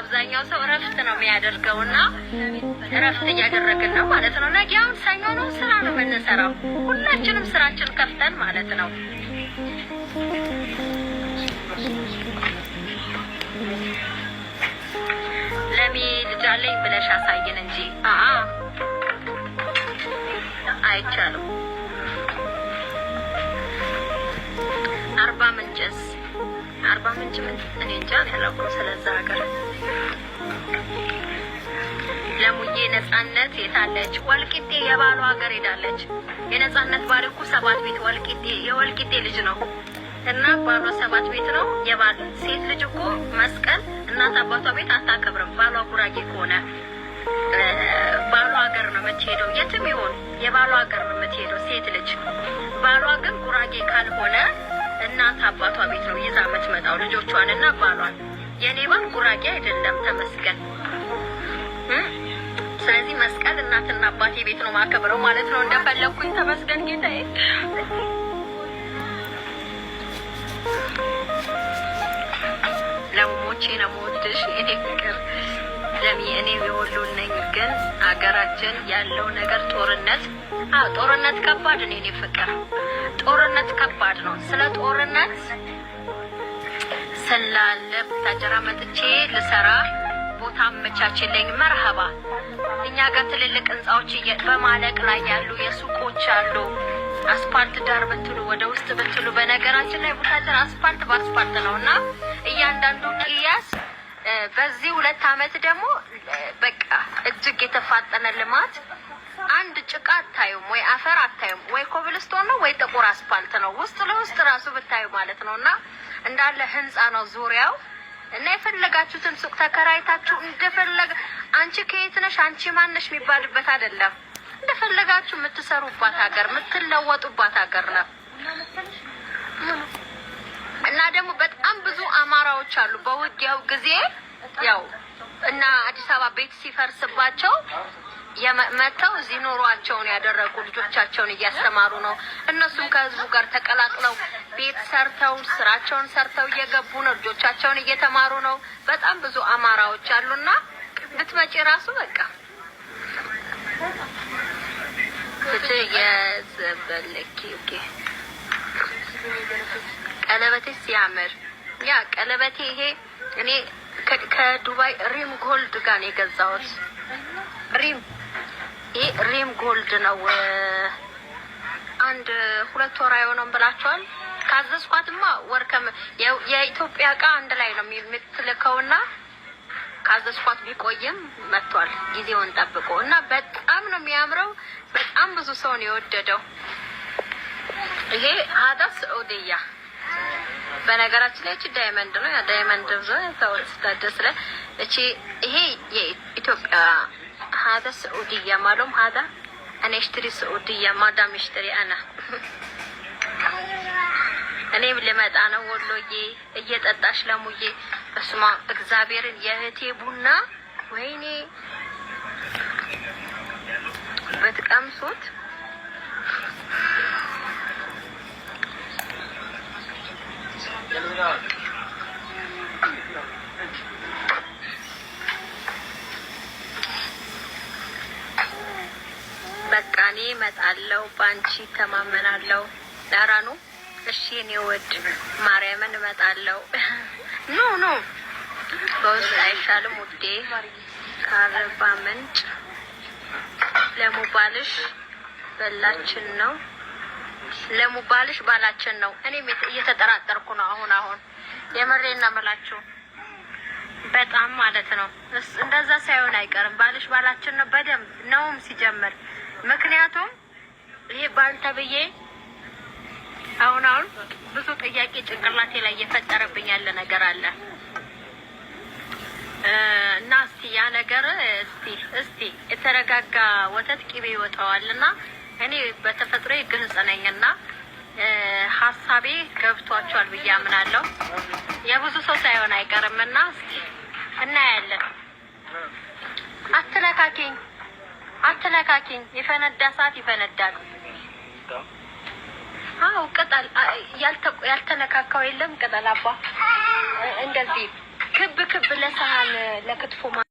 አብዛኛው ሰው እረፍት ነው የሚያደርገው እና እረፍት እያደረግን ነው ማለት ነው። ነገ አሁን ሰኞ ነው፣ ስራ ነው የምንሰራው ሁላችንም ስራችን ከፍተን ማለት ነው። ለሚ ልጅ ብለሽ አሳይን እንጂ አይቻልም። አርባ ምንጭ ምን እኔ እንጃ ያላውቅም። ስለዛ ሀገር ለሙዬ ነጻነት የታለች ወልቂጤ የባሉ ሀገር ሄዳለች። የነጻነት ባል እኮ ሰባት ቤት ወልቂጤ የወልቂጤ ልጅ ነው እና ባሉ ሰባት ቤት ነው የባል ሴት ልጅ እኮ መስቀል እናት አባቷ ቤት አታከብርም። ባሏ ጉራጌ ከሆነ ባሏ ሀገር ነው የምትሄደው፣ የትም ይሆን የባሏ ሀገር ነው የምትሄደው ሴት ልጅ። ባሏ ግን ጉራጌ ካልሆነ እናት አባቷ ቤት ነው የኔባን ጉራጌ አይደለም ተመስገን። ስለዚህ መስቀል እናትና አባቴ ቤት ነው ማከብረው ማለት ነው እንደፈለግኩኝ። ተመስገን ጌታዬ። ለሞቼ ለሞወድሽ እኔ ፍቅር ለሚ እኔ የወሎ ነኝ፣ ግን አገራችን ያለው ነገር ጦርነት ጦርነት ከባድ ነው። እኔ ፍቅር ጦርነት ከባድ ነው። ስለ ጦርነት ቡታጀራ መጥቼ ልሰራ ቦታ አመቻችልኝ። መርሀባ እኛ ጋር ትልልቅ ህንፃዎች በማለቅ ላይ ያሉ የሱቆች አሉ። አስፓልት ዳር ብትሉ ወደ ውስጥ ብትሉ፣ በነገራችን ላይ ቡታጀራ አስፓልት በአስፓልት ነው እና እያንዳንዱ ቅያስ በዚህ ሁለት አመት ደግሞ በቃ እጅግ የተፋጠነ ልማት አንድ ጭቃ አታዩም ወይ አፈር አታዩም ወይ ኮብልስቶን ነው ወይ ጥቁር አስፓልት ነው። ውስጥ ለውስጥ ራሱ ብታዩ ማለት ነው እና እንዳለ ህንፃ ነው ዙሪያው እና የፈለጋችሁትን ሱቅ ተከራይታችሁ እንደፈለገ አንቺ ከየት ነሽ አንቺ ማነሽ የሚባልበት አይደለም። እንደፈለጋችሁ የምትሰሩባት ሀገር፣ የምትለወጡባት ሀገር ነው። እና ደግሞ በጣም ብዙ አማራዎች አሉ በውጊያው ጊዜ ያው እና አዲስ አበባ ቤት ሲፈርስባቸው መጥተው እዚህ ኑሯቸውን ያደረጉ ልጆቻቸውን እያስተማሩ ነው። እነሱም ከህዝቡ ጋር ተቀላቅለው ቤት ሰርተው ስራቸውን ሰርተው እየገቡ ነው። ልጆቻቸውን እየተማሩ ነው። በጣም ብዙ አማራዎች አሉና ብትመጪ ራሱ በቃ ቀለበቴ ሲያምር ያ ቀለበቴ ይሄ እኔ ከዱባይ ሪም ጎልድ ጋር ነው የገዛሁት ሪም ሪም ጎልድ ነው። አንድ ሁለት ወር አይሆነም ብላቸዋል። ካዘዝኳትማ ወርከም የኢትዮጵያ እቃ አንድ ላይ ነው የምትልከውና ካዘዝኳት ቢቆይም መጥቷል ጊዜውን ጠብቆ እና በጣም ነው የሚያምረው። በጣም ብዙ ሰው ነው የወደደው። ይሄ ሀዳስ ኦዴያ በነገራችን ላይ እቺ ዳይመንድ ነው። ዳይመንድ ብዙ ሰዎች ስታደስ እቺ ይሄ የኢትዮጵያ ሀዛ ስዑድያ ማሎም ሀዛ እኔ እሽትሪ ስዑድያ ማዳም እሽትሪ አና እኔም ልመጣ ነው ወሎዬ፣ እየጠጣሽ ለሙዬ። በስማ እግዚአብሔርን የእህቴ ቡና ወይኔ በትቀምሱት እመጣለሁ፣ በአንቺ ተማመናለው ዳራ ነው። እሺ እኔ ወድ ማርያምን እመጣለሁ። ኖ ኖ በውስጥ አይሻልም ውዴ ከአርባ ምንጭ ለሙባልሽ በላችን ነው ለሙባልሽ ባላችን ነው። እኔም እየተጠራጠርኩ ነው አሁን አሁን የመሬና መላችሁ በጣም ማለት ነው። እንደዛ ሳይሆን አይቀርም። ባልሽ ባላችን ነው በደንብ ነውም ሲጀምር ምክንያቱም ይሄ ባንተ ብዬ አሁን አሁን ብዙ ጥያቄ ጭንቅላቴ ላይ እየፈጠረብኝ ያለ ነገር አለ እና እስቲ ያ ነገር እስቲ እስቲ የተረጋጋ ወተት ቂቤ ይወጣዋል እና እኔ በተፈጥሮ ግልጽ ነኝ እና ሀሳቤ ገብቷቸዋል ብዬ አምናለሁ። የብዙ ሰው ሳይሆን አይቀርም እና እስቲ እናያለን። አትነካኪኝ አትነካኪኝ። የፈነዳ ሰዓት ይፈነዳል። አው ቅጠል ያልተነካካው የለም። ቅጠል አባ እንደዚህ ክብ ክብ ለሰሃን ለክትፎ